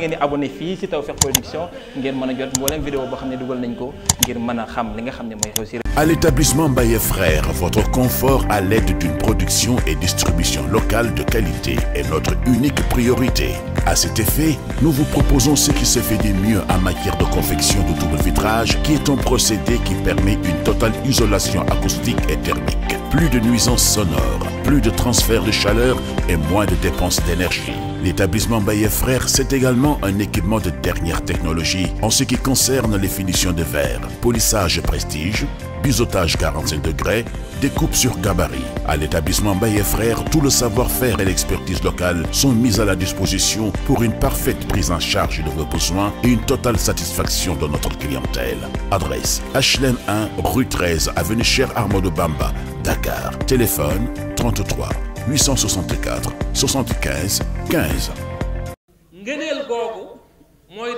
ngeen di abonné fii ci Tawfekh Production ngeen mën a jot mboolem vidéo boo xam ne dugal nañ ko ngir mën a xam li nga xam ne mooy réussir. À l'établissement Baye Frères, votre confort à l'aide d'une production et distribution locale de qualité est notre unique priorité. À cet effet, nous vous proposons ce qui se fait de mieux en matière de confection de double vitrage, qui est un procédé qui permet une totale isolation acoustique et thermique. Plus de nuisances sonores, plus de transfert de chaleur et moins de dépenses d'énergie. L'établissement Baye Frères, c'est également un équipement de dernière technologie en ce qui concerne les finitions de verre, polissage prestige biseautage 45 degrés, découpe sur gabarit. À l'établissement Baye Frères, tout le savoir-faire et l'expertise locale sont mis à la disposition pour une parfaite prise en charge de vos besoins et une totale satisfaction de notre clientèle. Adresse HLM 1, rue 13, avenue Cheikh Amadou Bamba, Dakar. Téléphone 33 864 75 15.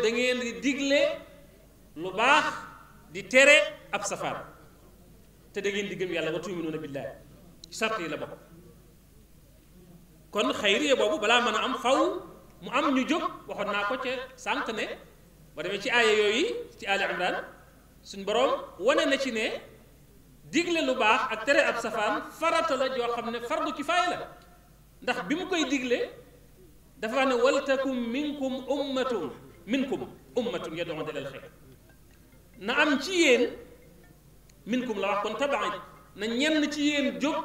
ngëneel digle lu baax di tere ab te da ngeen di yàlla wa tu'minuuna billaahi ci sart yi la bokk kon xayriya boobu balaa mën a am faw mu am ñu jóg waxoon naa ko ca sànq ne ba demee ci aaya yooyu ci Ali Imran suñ boroom wane na ci ne digle lu baax ak tere ab safaan farata la joo xam ne fardu kifaaya la ndax bi mu koy digle dafa ne waltakum minkum ummatun minkum ummatun yad'uuna ilal xayr na am ci yéen minkum la wax kon tabaxit na ñenn ci yéen jóg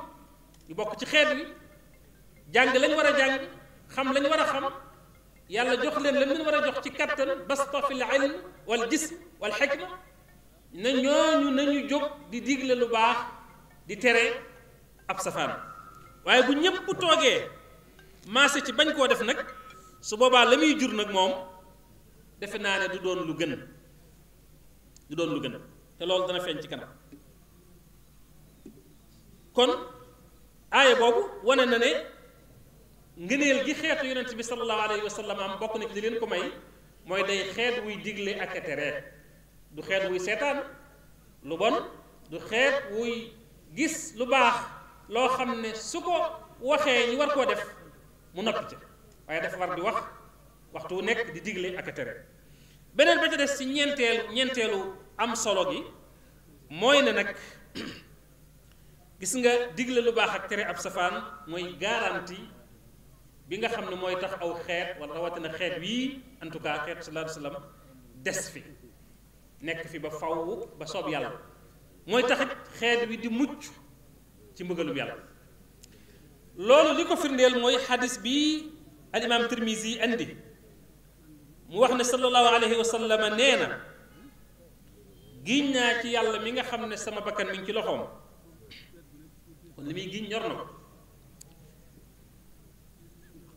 ñu bokk ci xeet wi jàng lañ war a jàng xam lañ war a xam yàlla jox leen lañ leen war a jox ci kattan basta fil ilm wal jism wal xikma na ñooñu nañu jóg di digle lu baax di tere ab safaan waaye bu ñépp toogee maase ci bañ koo def nag su boobaa la muy jur nag moom defe naa ne du doon lu gën du doon lu gën te loolu dana feeñ ci kanam kon aaya boobu wane na ne ngëneel gi xeetu yonent bi sallallahu alayhi wa sallam am bokk na ci di leen ko may mooy day xeet wuy digle ak a tere du xeet wuy seetaan lu bon du xeet wuy gis lu baax loo xam ne su ko waxee ñu war koo def mu noppi ca waaye dafa war di wax waxtu wu nekk di digle ak a tere beneen ba ca des ci ñeenteel ñeenteelu am solo gi mooy ne nag gis nga digle lu baax ak tere ab safaan mooy garantie bi nga xam ne mooy tax aw xeet wala rawatina xeet wii en tout cas xeet sallallahu alayhi wasallam des fi nekk fi ba faw ba soob yàlla mooy taxit xeet wi di mucc ci mbëggalum yàlla loolu li ko firndeel mooy xadis bi al imam tirmisi mu wax ne sallallahu alayhi wa sallam nee na giñ naa ci yàlla mi nga xam ne sama bakkan mi ngi ci loxoom kon li muy giñ ñor na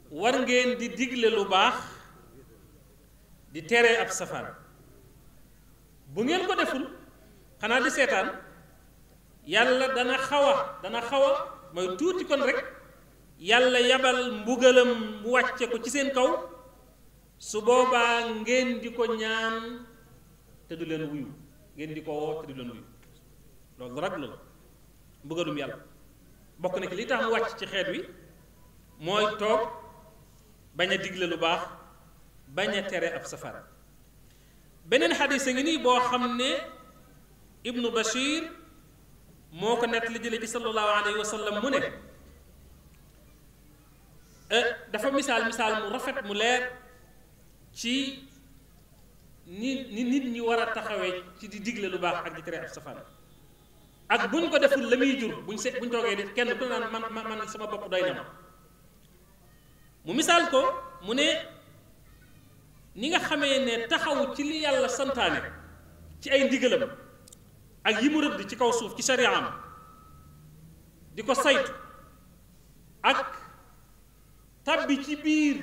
ko war ngeen di digle lu baax di tere ab safaan bu ngeen ko deful xanaa di seetaan yàlla dana xaw a dana xaw mooy tuuti kon rek yàlla yabal mbugalam mu wàcce ko ci seen kaw su boobaa ngeen di ko ñaan te du leen wuyu ngeen di ko woo te du leen wuyu loolu rag la mbugalum yàlla bokk na ci li tax mu wàcc ci xeet wi mooy toog bañ a digle lu baax bañ a tere ab safara beneen xadis a ngi nii boo xam ne ibnu bashir moo ko nett li jële ci sallallahu alayhi wa sallam mu ne e, dafa misaal misaal mu rafet mu leer ci ni ni nit ñi war a taxawee ci di digle lu baax ak di tere ab safara ak buñ ko deful la muy jur buñ se buñ toogee def kenn ku ne naan man man sama bopp doy na ma mu misaal ko mu ne ni nga xamee ne taxaw ci li yàlla santaane ci ay ndigalam ak yi mu rëdd ci kaw suuf ci sariyaam di ko saytu ak tabbi ci biir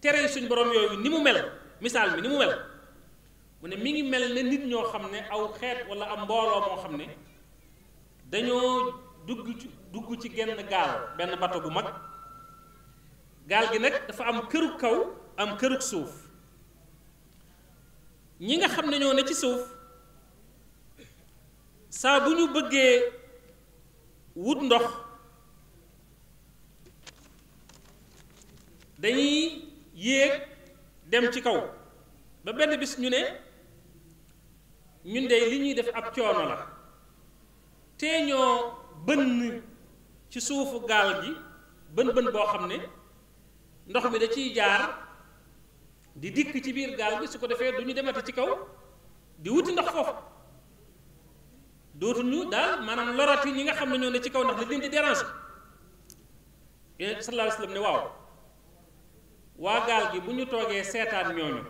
tere suñ borom yooyu ni mu mel misaal mi ni mu mel mu ne mi ngi mel ne nit ñoo xam ne aw xeet wala am mbooloo moo xam ne dañoo dugg ci dugg ci genn gaal benn bato bu mag gaal gi nag dafa am kërug kaw am kërug suuf ñi nga xam ne ñoo ne ci suuf saa bu ñu bëggee wut ndox dañuy yéeg dem ci kaw ba benn bis ñu ne ñun de li ñuy def ab coono la tee ñoo bënn ci suufu gaal gi bën bën boo xam ne ndox mi da ciy jaar di dikk ci biir gaal gi su ko defee du ñu demati ci kaw di wuti ndox foofu dootuñu daal maanaam lorati ñi nga xam ne ñoo ne ci kaw ndax li leen di dérange yonent sallallahu alayhi wasallam ne waaw waa gaal gi bu ñu toogee seetaan ñooñu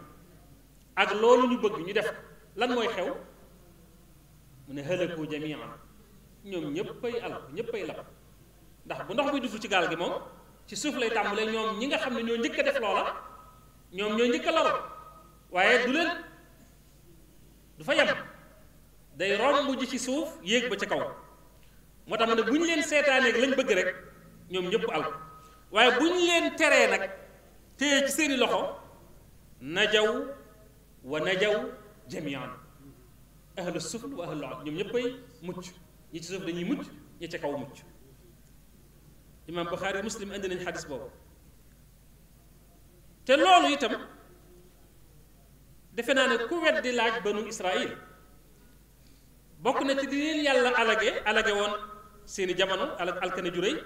ak loolu ñu bëgg ñu def lan mooy xew mu ne hëlëku jamian ñoom ñëppay alk ñëppay lab ndax bu ndox bi dugg ci gaal gi moom ci suuf lay tàmbalee ñoom ñi nga xam ne ñoo njëkk a def loola ñoom ñoo njëkk a laro waaye du leen du fa yem day romb ji ci suuf yéeg ba ci kaw moo tax mu ne bu ñu leen seetaaneeg lañ bëgg rek ñoom ñëpp alk waaye bu ñu leen teree nag téye ci seeni loxo najaw wa najaw jamian ahlu sufl wa ahlu ad ñoom ñëppay mucc ñi ci suuf dañuy mucc ñi ci kaw mucc imaam Buxaari muslim indi te loolu itam defe naa ne ku wet di laaj banu bokk na ci di yàlla alage alage woon seeni jamono al alkane ju rëy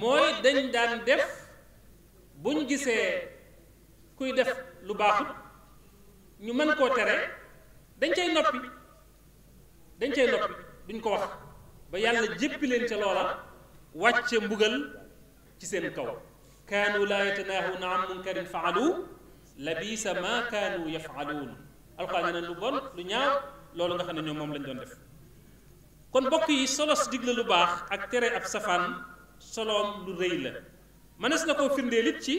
mooy dañ daan def ñu gisee kuy def lu baaxut ñu mën koo tere dañ cay noppi dañ cay duñ ko wax ba yàlla jéppi leen ca loola wàcce mbugal ci seen kaw kaanu laa yatanaahawna an munkarin faalu labisa ma kaanu yafaaluun alxuraan nee na lu bon lu ñaar loolu nga xam ne ñoom moom lañ doon def kon bokk yi solos digle lu baax ak tere ab safaan soloom lu rëy la mënees na koo firndeel it ci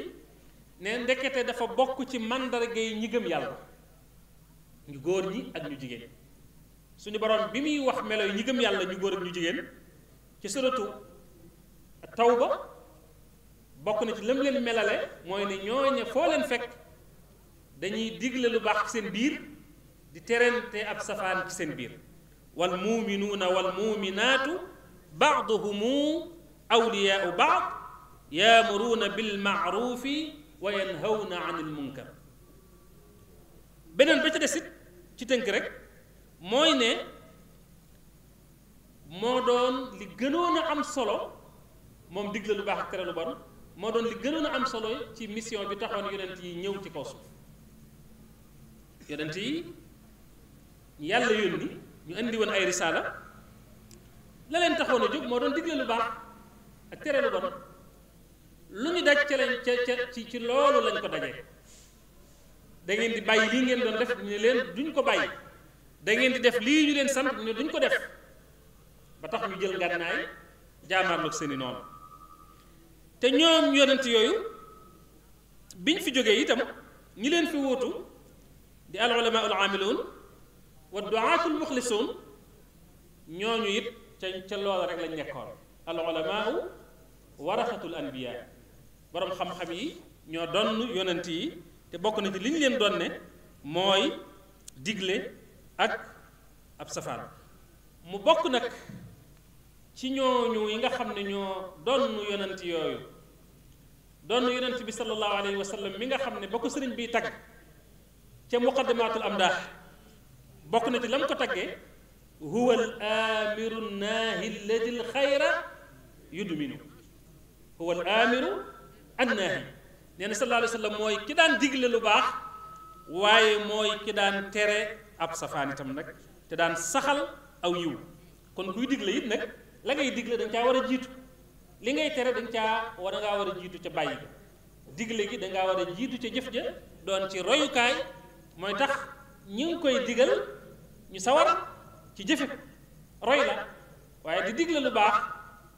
ne ndekete dafa bokk ci màndarga yi ñi gëm yàlla ñu góor ñi ak ñu jigéen suñu borom bi muy wax melo ñi gëm yàlla ñu góor ak ñu jigéen ci suratu tawba bokk na ci lëm leen melale mooy ne ñooña foo leen fekk dañuy digle lu baax ci seen biir di terente ab safaan ci seen biir wal muuminuuna wal muuminaatu baaduhumu awliyaau baad yaamuruuna bil maaruufi wa yanhawna anil munkar beneen ba ca des ci tënk rek mooy ne moo doon li gënoon a am solo moom digle lu baax ak tere lu bon moo doon li gënoon a am solo ci mission bi taxoon yonent yi ñëw ci kaw suuf yonent yi yàlla yónni ñu indi woon ay risaala la leen taxoon a jóg moo doon digle lu baax ak tere lu bon lu ñu daj ca lañ ca ca ci ci loolu lañ ko dajee da ngeen di bàyyi lii ngeen doon def ñu leen duñ ko bàyyi da ngeen di def lii ñu leen sant ñu duñ ko def ba tax ñu jël ngànnaay jaamaarloog seeni noonu te ñoom yonent yooyu biñ fi jógee itam ñi leen fi wuutu di al ulama al aamiluun wa duaatul muxlisuun ñooñu it ca ca loola rek lañ nekkoon al ulamaau waraxatul anbiyaa boroom xam-xam yi ñoo donn yonant yi te bokk na ci li ñu leen doon ne mooy digle ak ab safaan mu bokk nag ci ñooñu yi nga xam ne ñoo doon yonent yooyu doon yonent bi sallallahu alayhi wa mi nga xam ne ba ko sëriñ biy tagg ca muqaddamatul amdaax bokk na ci lam ko taggee huwa al aamiru naahi alladi al xayra yudminu huwa al aamiru nee na sallallahu alayhi wa mooy ki daan digle lu baax waaye mooy ki daan tere ab safaan itam nag te daan saxal aw yiw kon kuy digle it nag la ngay digle dañ caa war a jiitu li ngay tere dañ caa war a ngaa war a jiitu ca bàyyi ga digle gi danga war a jiitu ca jëf ja doon ci royukaay mooy tax ñi ngi koy digal ñu sawar ci jëfe roy la waaye di digle lu baax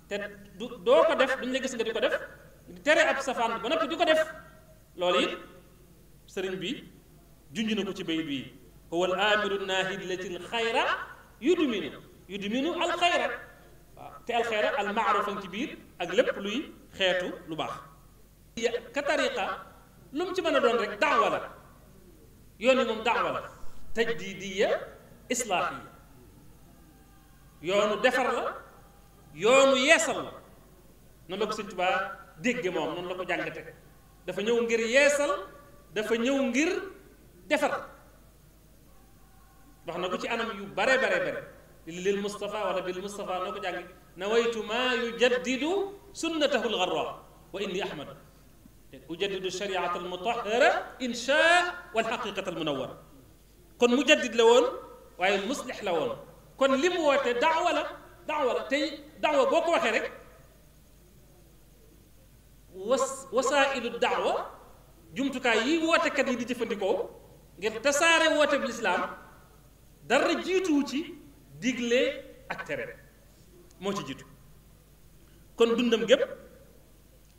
te du doo ko def duñ la gis nga di ko def tere ab safaan ba noppi di ko def loolu it sëriñ bi junj na ko ci bayit bi huwa al aamiru naahid latil xayra yudminu yudminu al te al xayra ci biir ak lépp luy xeetu lu baax ka tariqa lu mu ci mën a doon rek daawa la yoon yi moom daawa la tajdidiya islaahiya yoonu defar la yoonu yeesal noonu la ko Sëñ Tuubaa dégge moom noonu la ko jàngate dafa ñëw ngir yeesal dafa ñëw ngir defar wax na ko ci anam yu bare bare bare lil Mustafa wala bil Mustafa noo ko jàngi nawaytu maa yujaddidu sunnatahu lgarra wa inni ahmadu ujaddidu shariata almutahara insha walxaqiqata almunawara kon mujaddid la woon waaye muslix la woon kon li mu woote daawa la daawa la tey daawa boo ko waxee rek was wasaa'ilu daawa jumtukaay yi wootekat yi di jëfandikoo ngir tasaare woote bi lislaam dara jiituwu ci digle ak tere moo ci jiitu kon dundam gépp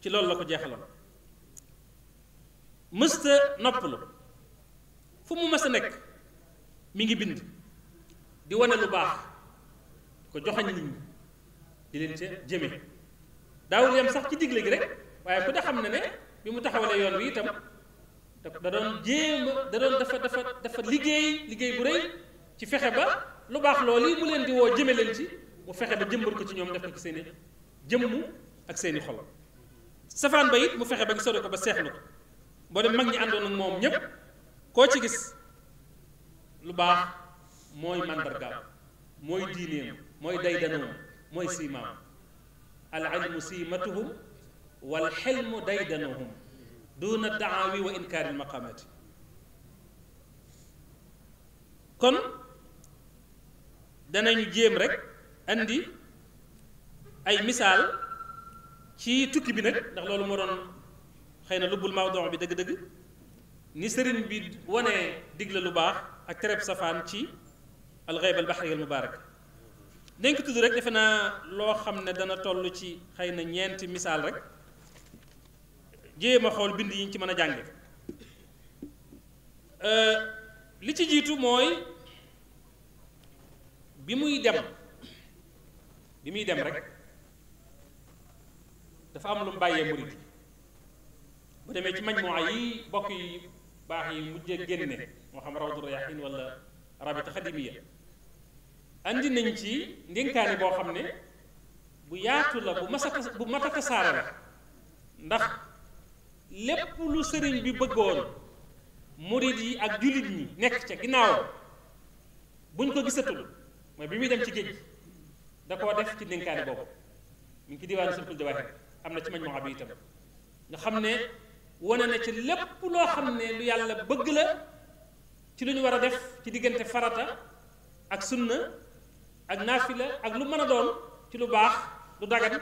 ci loolu la ko jeexaloon mësta noppalu fu mu mës nekk mi ngi bind di wane lu baax ko joxañ nit ñi di leen ca jëme daawul yam sax ci digle gi rek waaye ku ne xam ne ne bi mu taxawalee yoon wi itam da da doon dafa dafa dafa liggéey liggéey bu rëy ci fexe ba lu baax loolu yi mu leen di woo jëme leen ci mu fexe ba jëmbat ko ci ñoom def ko ci seeni jëmm ak seeni xol safaan ba it mu fexe ba ñu sori ko ba seexlu ko boo dem mag ñi àndoon ak moom ñépp koo ci gis lu baax mooy màndargaam mooy diineem mooy day danoom mooy siimaam al ilmu siimatuhum wal xelmu daydanuhum duna daawi wa inkaaril maqaamati kon danañu jéem rek indi ay misaal ci tukki bi nag ndax loolu moo doon xëy na bul mawduu bi dëgg-dëgg ni sëriñ bi wane digla lu baax ak tereb safaan ci alxayb al baxri al mubaarak dañ tudd rek defe naa loo xam ne dana toll ci xëy na ñeenti misaal rek jéem a xool bind yi ñu ci mën a jànge euh, li ci jiitu mooy bi muy dem bi muy dem rek dafa am lu mu bàyyee murid yi bu demee ci majmuwa yi bokk yi baax yi mujjee génne moo xam rawdu rayahin wala rabita xadimiya andi nañ ci ndénkaani boo xam ne bu yaatu la bu masaka bu mataka saara la ndax lépp lu sëriñ bi bëggoon murid yi ak jullit ñi nekk ca ginnaaw buñ ko gisatul mooy bi muy dem ci géej da koo def ci ndénkaane boobu mu ngi ci diwaanu sulpul jawaaxir am na ci mañ moo bi itam nga xam ne wane na ci lépp loo xam ne lu yàlla bëgg la ci lu ñu war a def ci diggante farata ak sunna ak naafila ak lu mën a doon ci lu baax lu dagan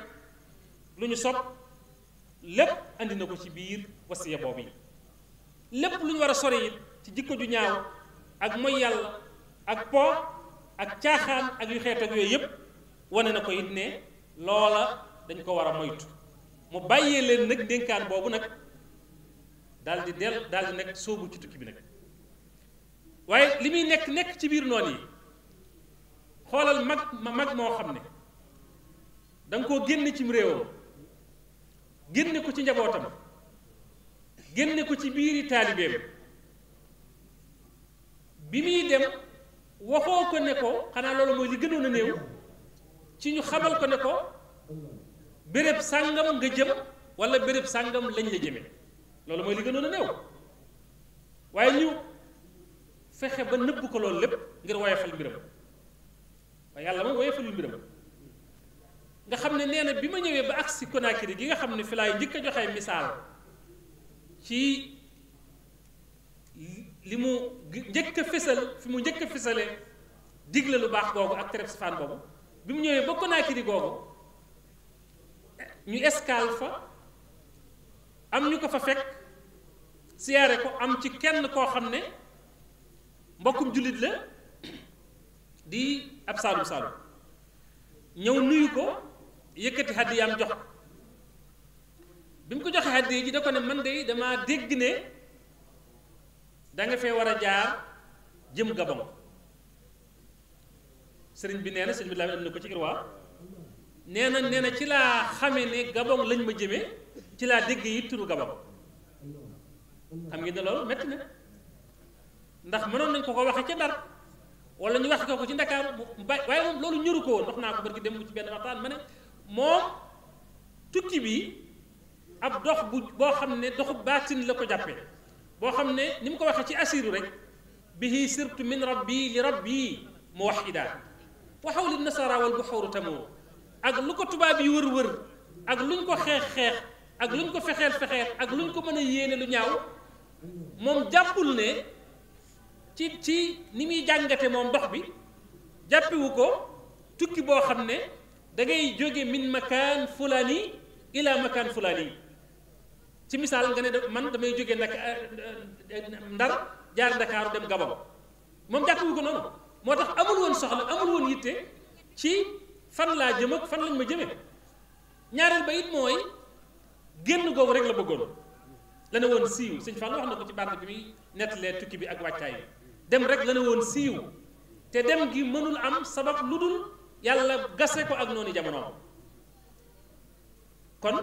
lu ñu sopp lépp andi na ko ci biir wasiya boobu yi lépp lu ñu war a sore it ci jikko ju ñaaw ak moy yàlla ak po ak caaxaan ak yu xeet ak yooyu yëpp wane na ko it ne loola dañ ko war a moytu mu bàyyee leen nag dénkaan boobu nag daal di del daal di nekk sóobu ci tukki bi nag waaye li muy nekk nekk ci biir noon yi xoolal mag mag moo xam ne da nga koo génn cim réewam génne ko ci njabootam génne ko ci biiri taalibeem bi muy dem waxoo ko ne ko xanaa loolu mooy li gënoon a néew ci ñu xamal ko ne ko béréb sàngam nga jëm walla béréb sàngam lañ la jëme loolu mooy li gënoon a néew waaye ñu fexe ba nëbb ko loolu lépp ngir woyofal mbiram waaye yàlla moom woyofalul mbiram nga xam ne nee na bi ma ñëwee ba agsi Conakry gi nga xam ne fi laay njëkk a joxe misaal ci li mu njëkk a fi mu njëkk a digle lu baax googu ak tereb safaan boobu bi mu ñëwee ba Conakry googu ñu escale fa am ñu ko fa fekk siyaare ko am ci kenn koo xam ne mbokkum jullit la di ab saalum saalum ñëw nuyu ko yëkkati hadiyaam jox bi mu ko joxe hadiya ji da ko ne man de damaa dégg ne da fee war a jaar jëm Gabon sëriñ bi nee na sëriñ bi laa am na ko ci irwaa nee na nee na ci laa xame ne Gabon lañ ma jëmee ci laa dégg yi turu Gabon xam ngeen ne loolu métti na ndax mënoon nañ ko ko waxe ca Ndar wala ñu waxe ko ko ci Ndakaaru mu ba waaye moom loolu ñëru ko woon naa ko barki dem ci benn waxtaan ma ne moom tukki bi ab dox bu boo xam ne doxu baatin la ko jàppe boo xam ne ni mu ko waxee ci asiru rek bihi sirtu min rabbi li rabbi muwahida wa hawli nasara wal buxooru tamoo ak lu ko tubaab yi wër-wër ak luñ ko xeex-xeex ak luñ ko fexeel-fexeel ak luñ ko mën a yéene lu ñaaw moom jàppul ne ci ci ni muy jàngate moom dox bi jàppewu ko tukki boo xam ne da ngay jóge min makaan fulani ila makaan fulani ci misaal nga ne man damay jóge ndak eh, ndar jaar ndakaaru dem gabon moom jàppewu ko noonu moo tax amul woon soxla amul woon yitte ci fan laa jëm ak fan lañ ma jëme ñaareel ba it mooy génn googu rek la bëggoon la ne woon siiw sëñ Fall wax na ko ci baat bi muy nettalee tukki bi ak wàccaay dem rek la ne woon siiw te dem gi mënul am sabab lu dul yàlla gase ko ak noonu jamonoom kon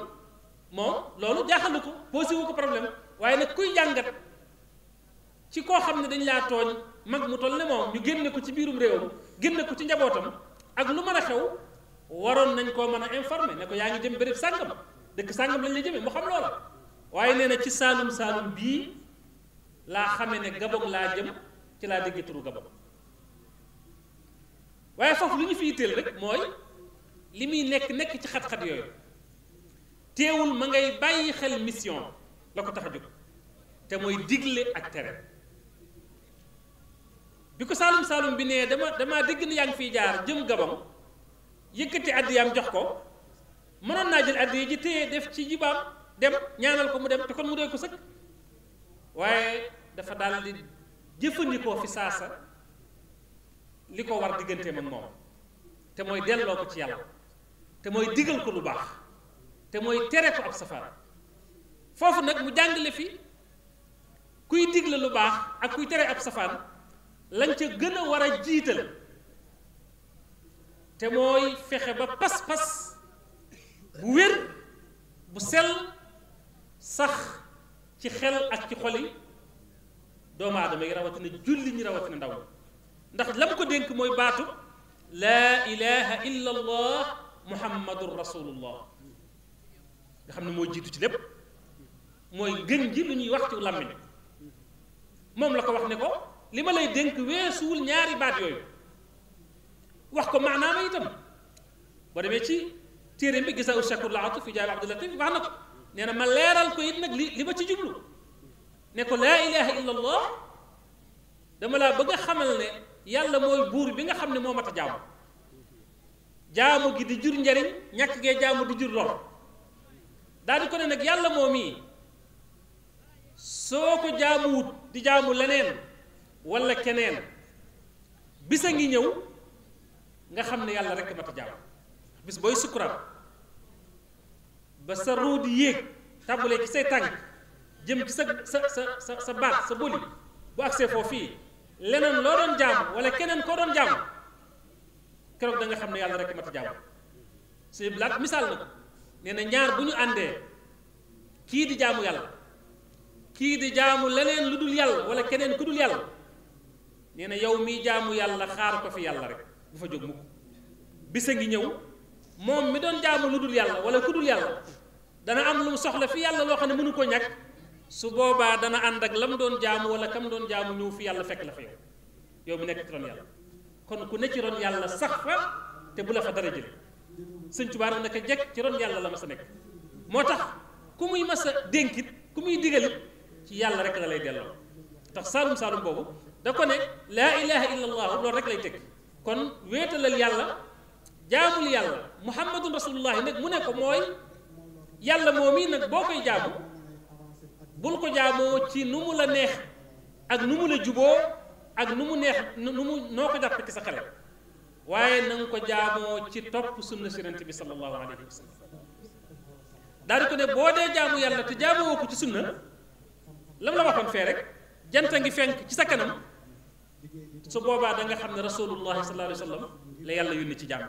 moom loolu jaaxal ko posé wu ko problème waaye nag kuy jàngat ci koo xam ne dañ laa tooñ mag mu toll ne moom ñu génne ko ci biirum réewam génne ko ci njabootam ak lu mën a xew waroon nañ koo mën a informer ne ko yaa ngi jëm béréb sàngam dëkk sàngam lañ la jëmee mu xam loola waaye nee na ci saalum saalum bii laa xame ne gabog laa jëm ci laa dégg turu gabog waaye foofu lu ñu fi yitteel rek mooy li muy nekk nekk ci xat-xat yooyu teewul ma ngay bàyyi xel mission la ko tax a jóg te mooy digle ak tere bi ko saalum saalum bi nee dama damaa dégg na yaa ngi fiy jaar jëm gabam yëkkati addiyaam jox ko mënoon naa jël addiya ji téye def ci jibaam dem ñaanal ko mu dem te kon mu doy ko sëkk waaye dafa daal di jëfandikoo fi saasa li ko war digganteem ak moom te mooy delloo ko ci yàlla te mooy digal ko lu baax te mooy tere ko ab safara foofu nag mu jàngale fi kuy digle lu baax ak kuy tere ab safaan lañ ca gën a war a jiital te mooy fexe ba pas-pas bu wér bu sel sax ci xel ak ci xoli doomu aadama yi rawatina julli ñi rawatina ndaw ndax la mu ko dénk mooy baatu laa ilaha illa allah muhammadun rasulullah nga xam ne moo jiitu ci lépp mooy gën ji lu ñuy wax ci làmmiñ moom la ko wax ne ko li ma lay dénk weesuwul ñaari baat yooyu wax ko maanaama itam boo demee ci téere bi gisa u shakur laatu fi jaab abdul latif wax na ko nee na ma leeral ko it nag li li ma ci jublu ne ko laa ilaha illa allah dama laa bëgg a xamal ne yàlla mooy buur bi nga xam ne moo mat a jaamu jaamu gi di jur njariñ ñàkk gee jaamu di jur lor daal di ko ne nag yàlla moom yi soo ko jaamuwut di jaamu leneen wala keneen bis a ngi ñëw nga xam ne yàlla rekk mat a jaamu bis booy sukuraat ba sa ruu di yéeg tàmbalee ci say tànk jëm ci sa sa sa sa baat sa bëli bu agsee foofu fii leneen loo doon jaamu wala keneen koo doon jaamu keroog da xam ne yàlla rek mat a jaamu suñu blaat misaal na ko nee na ñaar bu ñu àndee kii di jaamu yàlla kii di jaamu leneen lu dul yàlla wala keneen ku dul yàlla nee na yow miy jaamu yàlla xaar ko fi yàlla rek bu fa jóg mukk bis a ngi ñëw moom mi doon jaamu lu dul yàlla wala ku dul yàlla dana am lu soxla fi yàlla loo xam ne mënu koo ñàkk su boobaa dana ànd ak lam doon jaamu wala kam doon jaamu ñëw fi yàlla fekk la fa yow yow mu nekk ci ron yàlla kon ku ne ci ron yàlla sax te bu la fa dara jël sëñ Tuubaa nag naka jekk ci ron yàlla la ma sa nekk moo tax ku muy mas a dénkit ku muy digalit ci yàlla rek la lay delloo tax saalum saalum boobu da ko ne laa ilaha illa allah loolu rek lay teg kon wéetalal yàlla jaamul yàlla muhammadun rasulullahi nag mu ne ko mooy yàlla moom mii nag boo koy jaamu bul ko jaamoo ci nu mu la neex ak nu mu la juboo ak nu mu neex nu mu noo ko jàpp ci sa xel waaye na nga ko jaamoo ci topp sunna si yonent bi sallallahu alayhi wa sallam daal di ko ne boo dee jaamu yàlla te jaamoo ko ci sunna lam la waxoon fee rek jant a ngi fenk ci sa kanam su boobaa da nga xam ne rasulullahi sallallahu alayhi wa sallam la yàlla yónni ci jàmm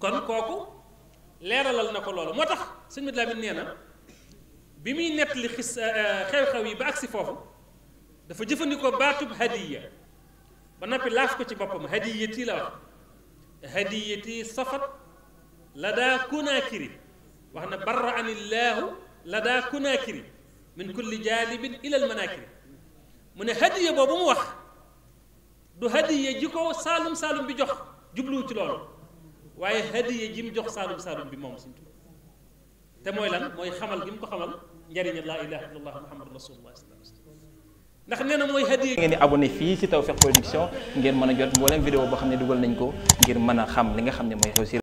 kon kooku leeralal na ko loolu moo tax sëñ Mate Lamine nee na. bi muy nettali xis euh, euh, xew-xew yi ba agsi foofu dafa jëfandikoo baatub hadiya ba noppi laaf ko ci boppam hadiyati la wax hadiyati safat la daa kunaakiri wax na barra anillaahu la daa kunaakiri min kulli jaalibin ilal manaakiri mu ne hadiya boobu mu wax du hadiya ji ko saalum saalum bi jox jubluwu ci loolu waaye hadiya ji mu jox saalum saalum bi moom suñ te mooy lan mooy xamal gi mu ko xamal njariñu laa ilaha illallah muhammadu rasulullah ndax nee na mooy hadiya ngeen di fii ci Tawfekh Production ngeen mën a jot mboolem vidéo boo xam ne dugal nañ ko ngir mën a xam li nga xam ne mooy réussir